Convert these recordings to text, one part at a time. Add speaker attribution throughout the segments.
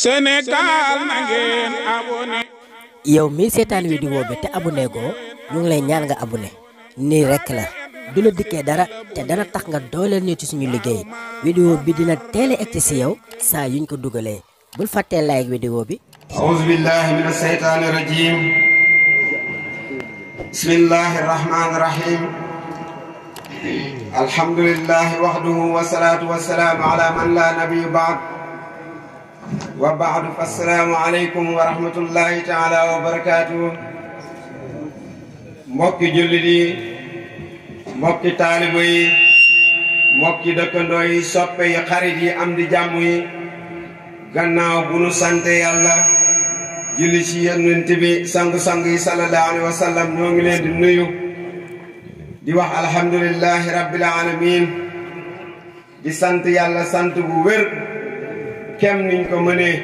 Speaker 1: Sénégal yow mii seetaan vidéo bi te abu goo ñu ngi lay ñaan nga abonné nii rekk la du la dikkee dara te dana tax nga dooleel ñu suñu liggéey vidéo bi dina teel a egsi si yow saa yuñ ko dugalee bul fàttee like vidéo bi. auzu billahi mina shaytaani rajiim bismillahi rahmaani rahiim alhamdulillahi wahdahu wa salaatu wa man la nabiyya ba'd wa baadu fa assalaamu aleykum wa rahmatullahi taala wa barakaatuhu mbokki jullit yi mbokki taaliba yi mbokki dëkkandoo yi soppe yi am di jàmm yi gannaaw bu nu sante yàlla julli ci yonent bi sangu-sang yi sallallahu wa sallam ñoo ngi leen di nuyu di wax alhamdulillahi rabbil di sant yàlla sant bu wér kem niñ ko mënee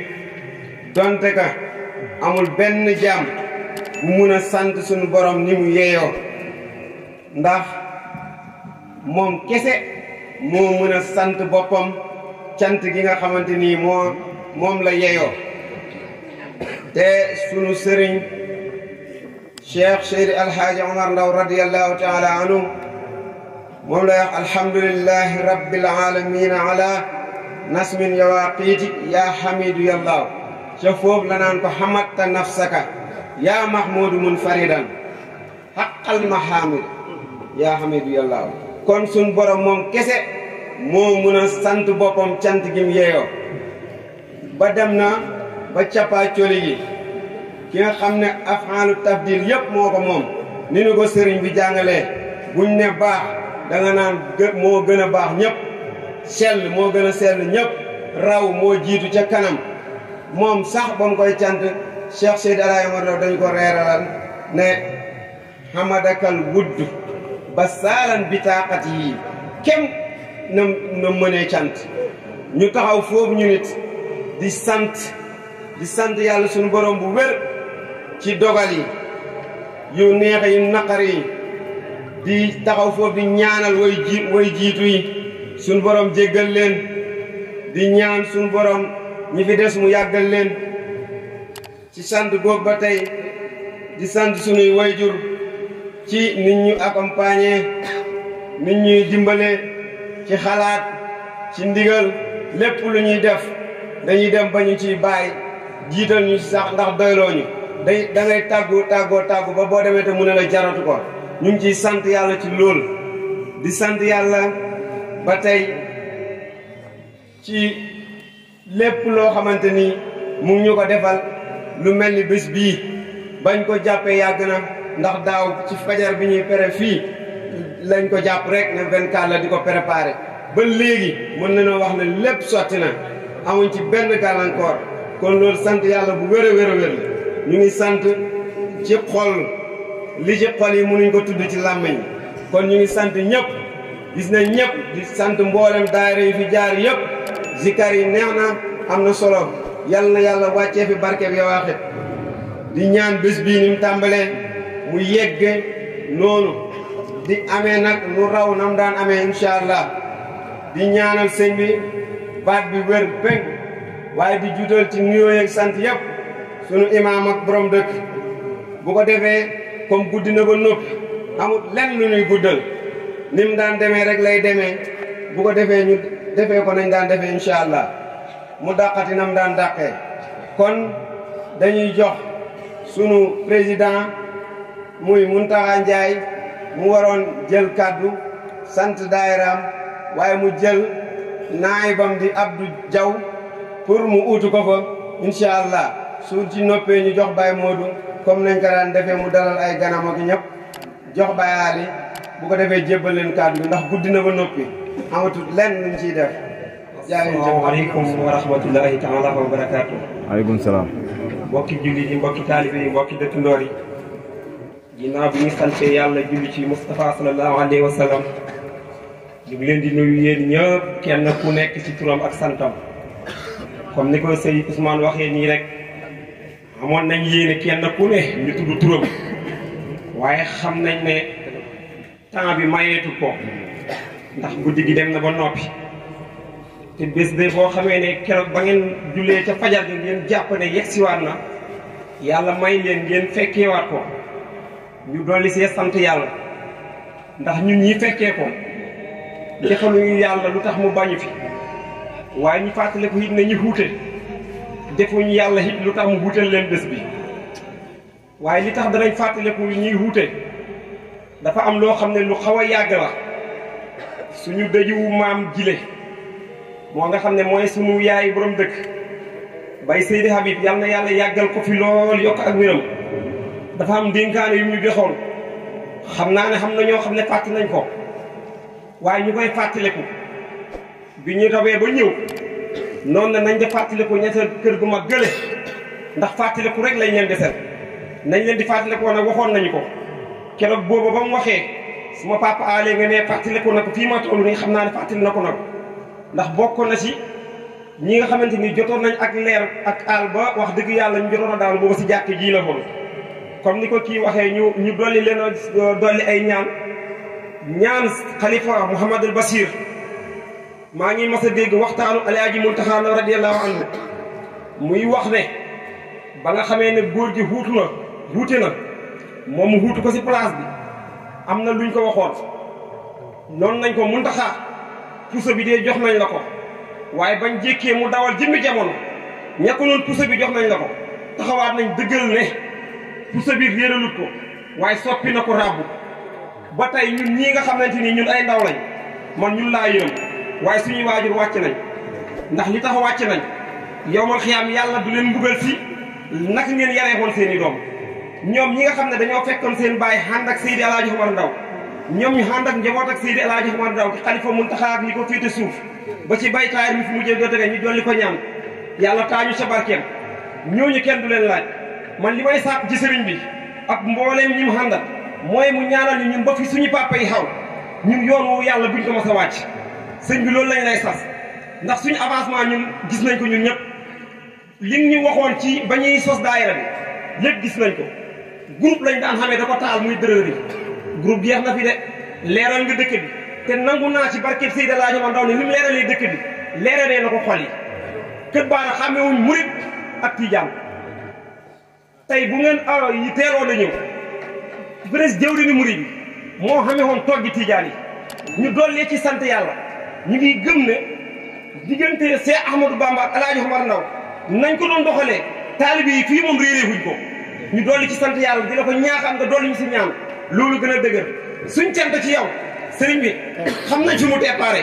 Speaker 1: donte ka amul benn jaam bu sant suñu borom ni mu yeeyoo ndax moom kese moo mën a sant boppam cant gi nga xamante nii moom la yeeyoo te sunu sëriñ cheikh seydi alhaaji omar ndaw radiallahu taala anhu moom la wax rabbil alamina ala nasmin ya yawaqiti ya hamidu ci fof la nan ko hamatta nafsaka ya Mahmud munfaridan haqqal mahamid ya hamidu ya allah kon sun borom mom, kese mo mun a sant boppam cant gim yeeyoo ba dem ba cappaa coli gi ki nga xamne ne tabdil tafdil moko mom ni ni ko serigne bi jangale buñ ne baax da nga nan mo bax ñep sell moo gën a sell ñëpp raw moo jiitu ca kanam moom sax ba mu koy cant Cheikh Seydi Alaay Omar dañ ko reeralan ne hamadakal wudd ba saalan bi taaxat yii kem na na cant ñu taxaw foofu ñu nit di sant di sant yàlla suñu borom bu wér ci dogal yi yu neex yu naqar yi di taxaw foofu di ñaanal way jiitu yi sun borom jéggal leen di ñaan sun borom ñi fi des mu yàggal leen ci sant goog ba tey di sant sunuy wayjur ci nit ñu accompagner nit ñuy dimbale ci xalaat ci ndigal lépp lu ñuy def dañuy dem ba ñu ciy bàyyi jiital ñu sax ndax doyloo ñu day da ngay tàggu tàggoo tàggu ba boo demee te mu ne la jaratu ko ñu ngi ciy sant yàlla ci lool di sant yàlla ba tey ci lépp loo xamante ni mu ñu ko defal lu mel ni bés bii bañ ko jàppee yàgg na ndax daaw ci fajar bi ñuy pere fii lañ ko jàpp rek ne 24 la di ko préparé ba léegi mën nañoo wax ne lépp sotti na amuñ ci benn gàllankoor kon loolu sant yàlla bu wér a wér ñu ngi sant ci xol li ci xol yi mënuñ ko tudd ci làmmiñ kon ñu ngi sant ñëpp gis nañ ñëpp di sant mboolem daayira yi fi jaar yëpp zikar yi neex na am na solo yàlla na yàlla wàccee fi barke bi waaxit di ñaan bés bii ni mu tàmbalee mu yegg noonu di amee nag nu raw na daan amee incha allah di ñaanal sëñ bi baat bi wér péng waaye di juutal ci nuyoo yeeg sant yëpp sunu imaam ak borom dëkk bu ko defee comme guddi na ko noppi amul lenn lu ñuy guddal. ni mu daan demee rek lay demee bu ko defee ñu defee ko nañ daan defee incha allah mu dàqati nam daan dàqee kon dañuy jox sunu président muy Muntaxa Njaay mu waroon jël kàddu sant daayiraam waaye mu jël naayibam di Abdou Jaw pour mu uutu ko fa incha allah su ci noppee ñu jox Baay Moodu comme nañ ko daan defee mu dalal ay ganam ak ñëpp jox bayaali bu ko defee jébbal leen kàddu bi ndax guddi na ba noppi amatul lenn luñ ciy def. asalaamaaleykum wa rahmatullahi taala wa barakaatu.
Speaker 2: waaleykum salaam.
Speaker 1: mbokki julli yi mbokki taalibe yi mbokki dëkkandoor yàlla julli ci Moustapha sallallahu alayhi wa sallam. ñu leen di nuyu yéen ñëpp kenn ku nekk ci turam ak santam. comme ni ko sëñ Ousmane waxee nii rek. amoon nañ yéene kenn ku ne ñu tudd turam. waaye xam nañ ne temps bi mayeetu ko ndax guddi gi dem na ba noppi te bés de boo xamee ne keroog ba ngeen jullee ca fajar gi ngeen jàpp ne yegsiwaat na yàlla may leen ngeen fekkeewaat ko ñu dolli see sant yàlla ndax ñu ñi fekkee ko defaluñu yàlla lu tax mu bañu fi waaye ñu fàttaliku it ne ñu xuute defuñu yàlla it lu tax mu xuutal leen bés bi waaye li tax danañ fàttaliku li ñuy wuute dafa am loo xam ne lu xaw a yàgg la suñu dëjuwu maam jile moo nga xam ne mooy sumu yaay boroom dëkk bay Seydi Habib yal na yàlla yàggal ko fi lool yokk ak wéram dafa am dénkaane yu ñu joxoon xam naa ne xam na ñoo xam ne fàtt nañ ko waaye ñu koy fàttaliku bi ñuy rawee ba ñëw noonu na nañ da fàttaliku ñetteel kër gu mag gële ndax fàttaliku rek lañ leen desel nañ leen di ko nag waxoon nañu ko keroog boobu ba mu waxee suma papa aale nga ne fàttalikoo na ko fii ma toll nii xam naa ne fàttali na ko nag ndax bokkoon na si ñi nga xamante ni jotoon nañ ak leer ak aal ba wax dëgg yàlla ñu jotoon a daal boobu si jàkk jii la woon comme ni ko kii waxee ñu ñu dolli leen dolli ay ñaan ñaan xalifa al Basir maa ngi mas a dégg waxtaanu alaaji Muntaxa radiyallahu anhu muy wax ne ba nga xamee ne góor ji xuutu na wuute na moom mu wuutu ko si place bi am na luñ ko waxoon noonu nañ ko muntaxaa puso bi dee jox nañ la ko waaye bañ jékkee mu dawal jëmmi jamono ñekko noon puso bi jox nañ la ko taxawaat nañ dëggal ne puso bi réeralut ko waaye soppi na ko ràbbu ba tey ñun ñii nga xamante ni ñun ay ndaw lañ man ñun laa yërëm waaye suñuy waajur wàcc nañ ndax li tax wàcc nañ yow man xiyaam yàlla du leen mbugal si nak ngeen yaree woon seeni i doom ñoom ñi nga xam ne dañoo fekkoon seen bàyyi ànd ak Seydi El Hadji Omar Ndaw ñoom ñu ànd ak njaboot ak Seydi El Hadji Omar Ndaw ci xalifa Muntaxa ak ñi ko féete suuf ba ci baytaar mi fi mujjee dotege ñu dolli ko ñaan yàlla taañu sa barkeem ñooñu kenn du leen laaj man li may sàpp ci sëriñ bi ak mbooleem ñi mu àndal mooy mu ñaanal ñu ñun ba fi suñu papa yi xaw ñun yoon woowu yàlla buñ ma mas a wàcc sëñ bi loolu lañ lay sas ndax suñu avancement ñun gis nañ ko ñun ñëpp li ñu waxoon ci ba ñuy sos daayira bi lépp gis nañ ko groupe lañ daan xamee da ko taal muy dërër yi groupe jeex na fi de leeral nga dëkk bi te nangu naa si barkeb Seydi Laaji Omar Ndaw ni ni mu leeralee dëkk bi leeralee na ko xol yi kër baara xàmmewuñ murit ak tijaan tey bu ngeen aw ah, yi teeloon a ñëw bres jëwri ni murit moo xame woon toog gi tijaan yi ñu dollee ci sant yàlla ñu ngi gëm ne diggante Seex Ahmadou Bamba ak Alaaji Omar Ndaw nañ ko doon doxalee taalibe yi fii moom réeréefuñ ko ñu dolli ci sant yàlla di la ko ñaaxaan nga dool dolli ñu si ñaan loolu gën a dëgër suñ cant ci yow sëriñ bi xam nañ fi mu déparé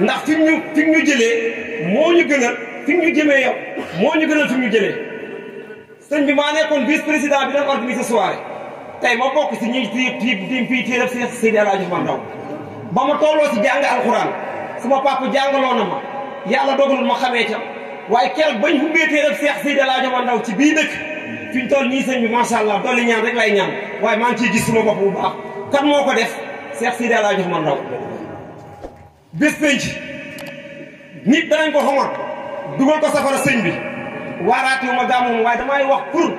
Speaker 1: ndax fi ñu fi ñu jëlee moo ñu gënal fi ñu jëmee yow moo ñu gënal fi ñu jëlee sëñ bi maa nekkoon vice président bi doon organisé soirée tey ma bokk si ñi ti ti fii téerab si Seydi El Hadji Oumar Ndao ba ma tolloo si jàng alxuraan suma papa jàngaloo na ma yàlla dogalul ma xamee ca waaye keroog bañ xumbee téerab Seex Seydi El Hadji Oumar Ndao ci bii dëkk fiñ tol ni señ bi ma sha allah dolli ñaan rek lay ñaan way ma ngi gis suma bop bu baax kan moko def Cheikh Sidi Alaaji Omar Ndaw bés pénc nit danañ ko xamoon dugal ko safara señ bi waaraatee ma way dama ay wax pour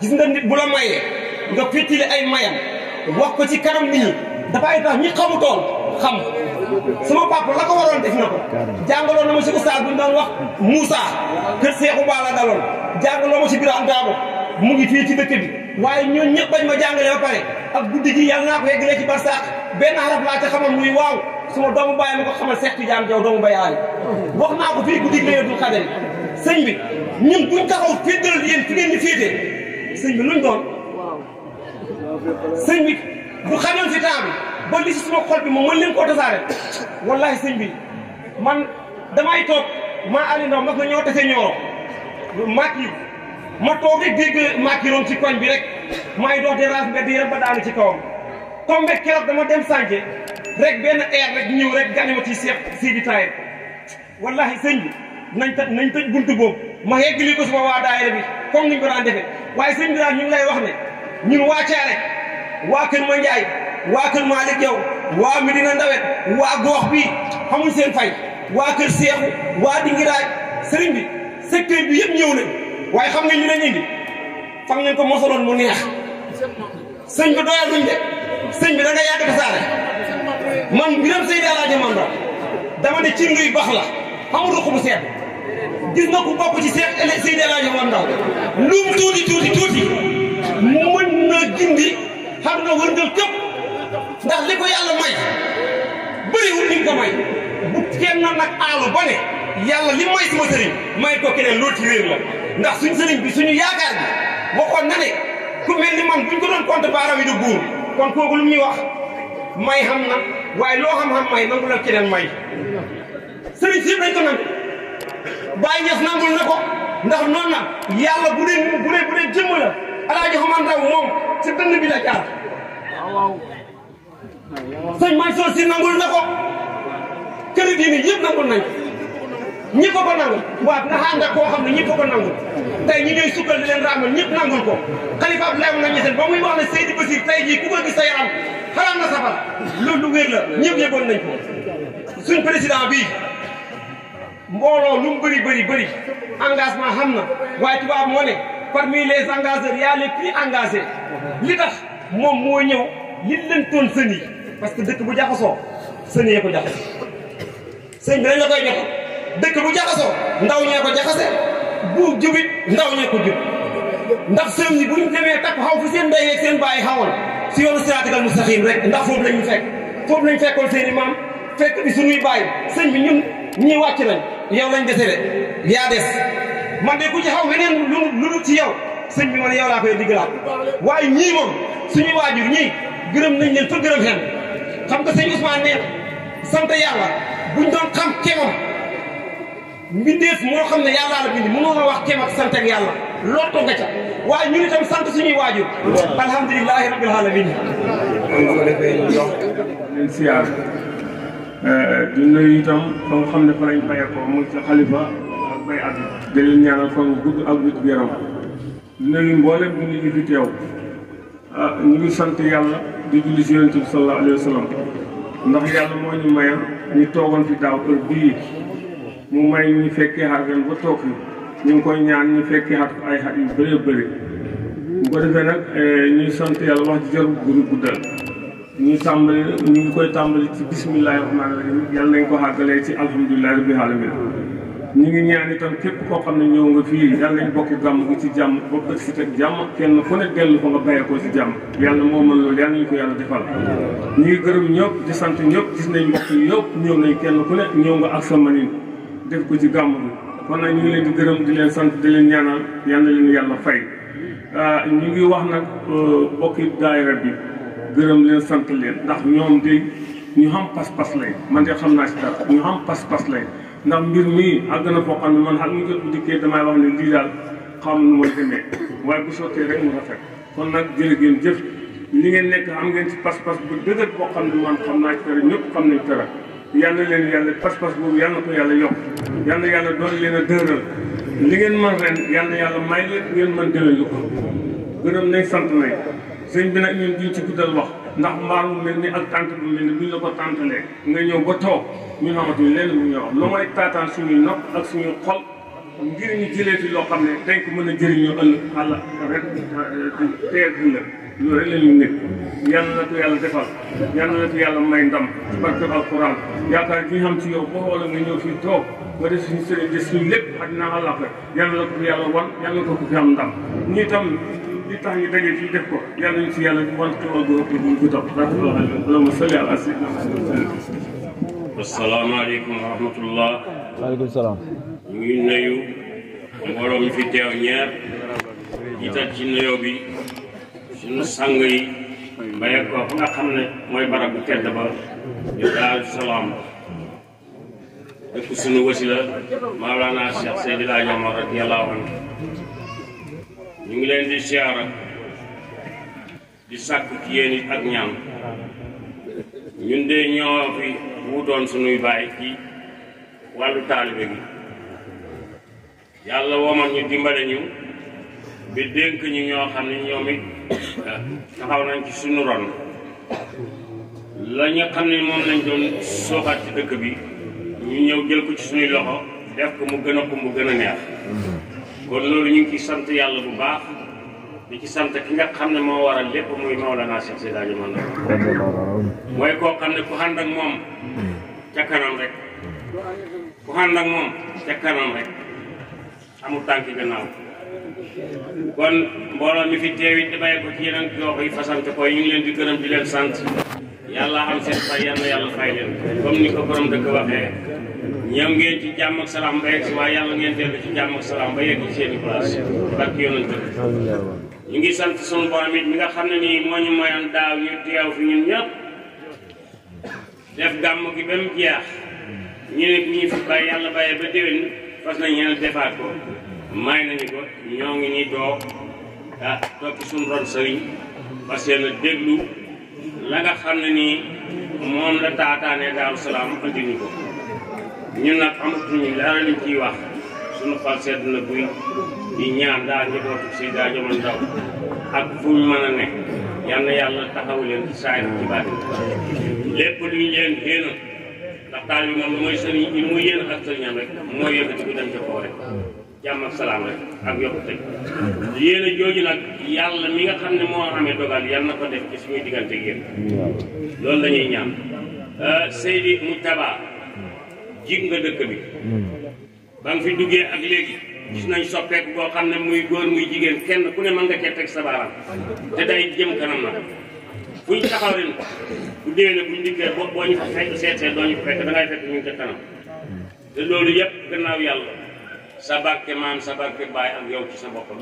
Speaker 1: gis nga nit bu la maye nga féttile ay mayam wax ko ci karam nit ñi fay tax ñi tol xam sama papa la ko waron def nako jangalo na ma ci oustad bu ndon wax Moussa keur cheikhou bala dalon jangalo ma ci Birame Dabo mu ngi fii ci dëkk bi waaye ñoo ñëpp bañ ma jàngale ba pare ak guddi gi yàlla naa ko yeggalee ci barsaax benn arab laa ca xamal muy waaw suma doomu bàyyi ma ko xamal Seex Tijaan Jaw doomu bayaay wax naa ko fii guddi gi Laylatul Qadr sëñ bi ñun buñ taxaw féddal yéen fi ngeen sëñ bi luñ doon sëñ bi bu xamoon si
Speaker 2: temps
Speaker 1: bi suma xol bi moom mën leen koo tasaare wallahi sëñ bi man damay toog maa Aliou Ndao mas na ñoo tase ñoo maak yi ma toog rek dégg maakiroon ci koñ bi rek maay dox dérange mbedd yi rek ba daanu ci kawam comme be dama dem sànke rek benn air rek ñëw rek gañoo ti seet sii bi taayir wallahi sëñ bi nañ tëj nañ tëj buntu boobu ma yeggali ko suma waa daayira bi comme niñ ko daan defee waaye sëñ bi daal ñu ngi lay wax ne ñun waa Caare waa Kër Ma Njaay waa Kër Malick Diaw waa Medina Ndawet waa goox bi xamuñ seen fay waa Kër Seexu waa Dingiraay sëriñ bi secteur bi yëpp ñëw nañ waaye xam nga ñu ne ñii fan ngeen ko mosaloon mu neex sëñ bi doyal duñ de sëñ bi da nga yàgg tasaare man mbiram Seydi Alaaji Mandoor dama ne cin luy baax la amul ruq bu seet gis nga ku bokk ci seet Seydi Alaaji Mandoor lu mu tuuti tuuti tuuti mën na gindi xam na wërngal képp ndax li ko yàlla may bëriwul ni ko may bu kenn nag aalu ba ne li may sama sëriñ may ko keneen loolu ci réer la ndax suñ sëriñ bi suñu yaakaar bi waxoon na ne ku mel ni man buñ ko doon compte baaraam yi du buur kon kooku lu ñuy wax may xam na waaye loo xam-xam may nangu la keneen may sëriñ si nañ ko nangu bàyyi ñes nangul na ko ndax noonu na yàlla bu dee bu dee bu dee jëmm la alaaji xamantaw moom ci dënn bi la jaar may soo si nangul na ko kër diine yëpp nangul nañ ñëpp a ko nangul waaw nga ànd ak koo xam ne ñëpp a ko nangul tey ñi ngay sukkal di leen raamal ñëpp nangul ko xalifa Abdoulaye Niassène ñeseen ba muy wax ne Seydi Bassir tey jii ku ko gis sa yaram xalaat na safara loolu lu wér la ñëpp yëgoon nañ ko suñ président bii mbooloo lu mu bëri bëri bëri engagement xam na waaye tubaab moo ne parmi les engageurs y a les plus engagés li tax moom moo ñëw li leen toon sën yi parce que dëkk bu jaxasoo sën yee ko jaxasoo sëñ bi dañ la koy jox dëkk bu jaxasoo ndaw ñee ko jaxase bu jubit ndaw ñee ko jub ndax sëm yi bu ñu demee takk xaw fi seen ndey seen bàyyi xawoon si yoonu siraatal mustaqiim rek ndax foofu lañu fekk foofu lañu fekkoon seen i maam fekk bi suñuy bàyyi sëñ bi ñun ñii wàcc nañ yow lañ dese de yaa des man de ku ci xaw weneen lu lu ci yow sëñ bi man yow laa koy diggalaat waaye ñii moom suñu waajur ñii gërëm nañ leen fa gërëm xen xam nga sëñ Ousmane nee sant yàlla buñ doon xam kemam mbindeef moo xam ne yàllaa la bind mënoo ma wax kéem ak sant ak yàlla lottu nga ca waaye ñun itam sant suñuy waajur alhamdulilahi rabbil alamin
Speaker 3: kon ko defee ñu jox leen siyaar di nuyu itam fa nga xam ne fa lañ fayekoo muy ci xalifa ak bay at di leen ñaanal fa nga gudd ak wit yaram di nuyu mboolem ñu ngi fi teew ñu ngi sant yàlla di julli si yonent bi sallallahu alayhi wa sallam ndax yàlla moo ñu mayal ñu toogoon fi daaw kër bii mu may ñu fekkee xar ren ba toog fi ñu ngi koy ñaan ñu fekkee xar ay xar yu bëree bëri bu ko defee nag eh, ñuy sant yàlla wax ji jarul guru guddal ñu tàmbali ñu ngi koy tàmbali ci bisimilahi rahmaani rahim nañ ko xàggalee ci alhamdulilahi rabbil alamin ñu ngi ñaan itam képp koo xam ne ñëw nga fii yàlla nañ bokk gàmm gi ci jàmm ba si teg jàmm kenn fu ne dellu fa nga bàyyeekoo ci jàmm yàlla moo mën loolu yàlla nañu ko yàlla defal ñu ngi gërëm ñëpp di sant ñëpp gis nañ mbokk yëpp ñëw nañ kenn ku ne ñëw nga ak sa manin def ko ci gàmmu kon nag ñu ngi leen di gërëm di leen sant di leen ñaanal yal na leen yàlla fay ah, ñu ngi wax nag euh, bokki daayira bi gërëm leen sant leen ndax ñoom de ñu xam pas-pas lay man de xam naa si dara ñu xam pas-pas lay ndax mbir mii àgg na foo xam ne man ak ñu jot bu dikkee damay wax ne lii daal xam nu ma demee waaye bu sottee rek mu rafet kon nag jërë ngeen jëf li ngeen nekk am ngeen ci pas-pas bu dëgër boo xam ne man xam naa ci dara ñëpp xam nañ yal na leen yàlla pas-pas boobu yal na ko yàlla yokk yàlla doon leen a dëgëral li ngeen mën ren yal na yàlla may leen ngeen mën déwén lu ko gërëm nañ sant nañ sëñ bi nag ñu duñ ci guddal wax ndax mbaar mu mel ni ak tànt bu mel ni buñ la ko tàntalee nga ñëw ba toog ñu xamatuñ lenn bu ñu wax lu may taataan suñuy nopp ak suñuy xol ngir ñu jëlee fi loo xam ne dañ ku mën a jëriñoo ëllëg àll ren teer bi la lu rek la ñu nekk yàlla na ko yàlla defal yàlla na ko yàlla may ndam ci barke alquran yaakaar bi ñu xam ci yow boo wala nga ñëw fii toog nga def suñu sëriñ def suñu lépp àddina àllaaxira yàlla na ko fi yàlla wan yàlla na ko fi am ndam ñii tam li tax ñu daje fii def ko yàlla ñu ci yàlla wan xewal bu ëpp buñ ko topp allahumma salli ala sayyidina
Speaker 2: nu sang yi bàyyi ko nga xam ne mooy barab bu tedd ba ñu salaam dëkk suñu wasila Maolana Cheikh Seydi Laaji Omar radiyallaahu anhu ñu ngi leen di siyaara di sàkk ci yéen it ak ñaan ñun de ñoo fi wuutoon suñuy baay ci wàllu taalibe gi yàlla woman ñu dimbale ñu bi dénk ñu ñoo xam ne ñoom taxaw nañ ci suñu ron la xam ne moom lañ doon bi ñu ñëw jël suñuy loxo def mu gën a ko mu gën a neex kon loolu ñu ngi sant yàlla bu baax di ci sant ki nga xam ne moo waral lépp muy Maolana Cheikh Seyda Aliou man mooy koo xam ne ku ànd ak moom ca kanam rek ku kon mbooloo mi fi teewit di bàyyi ko ci yeneen gox yi fasante ko ñu ngi leen di gërëm di leen sant yàlla xam seen fay yal yàlla fay leen comme ni ko borom dëkk waxee ñëw ngeen ci jàmm ak salaam ba yegg si waaye yàlla ngeen dellu ci jàmm ak salaam ba yegg ci seen i place barke yonent ñu ngi sant sunu borom it mi nga xam ne nii moo ñu mayoon daaw ñu teew fi ñun ñëpp def gàmm gi ba mu jeex ñu ne ñu fi bàyyi yàlla bàyyi ba déwén fas nañ yéen a ngi ñuy ah topp suñu ron sëriñ parce que déglu la nga xam ne nii moom la taataane daaru salaam andi ñu ko ñun nag amatuñu dara liñ ciy wax suñu xol sedd na buy di ñaan daal njabootu si daa ñu mën a nekk yal na yàlla taxawu leen ci saay ci baatin lépp lu leen xéena ndax taal bi moom yéen ak sëriñam rek mooy yëkkati bi dem ca kaw rek jàmm ak salaam rek ak yokkute yéen a jooju nag yàlla mi nga xam ne moo amee dogal yàlla na ko def ci suñuy diggante ak yéen loolu la ñuy ñaan euh, Seydi Moujtaba jig nga dëkk bi ba nga fi duggee ak léegi gis nañ soppeek boo xam ne muy góor muy jigéen kenn ku ne mën nga cee teg sa baaraam te day jëm kanam na fuñ taxaw ren bu déwénee buñ liggéey boo boo ñu fa fekk seet seet doo ñu fa fekk dangay fekk ñu ca kanam te loolu yëpp gannaaw yàlla sa barke maam sa barke baay ak yow ci sa kon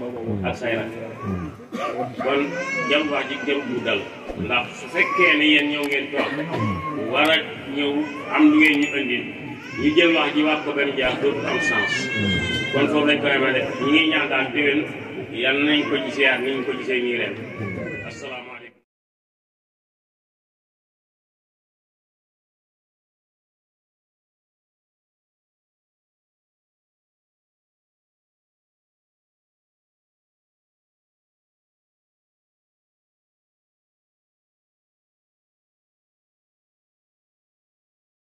Speaker 2: jam wax ji jëm du dal ndax su fekkee ni ñëw ngeen toog war a ñëw am lu ngeen ñu indil ñu jël wax ji wax ko benn jaar dootu am sens kon foofu lañ koy ma def
Speaker 3: ñu ngi ñaan daal déwén yal nañ ko gisee ak ni ñu ko gisee ñii ren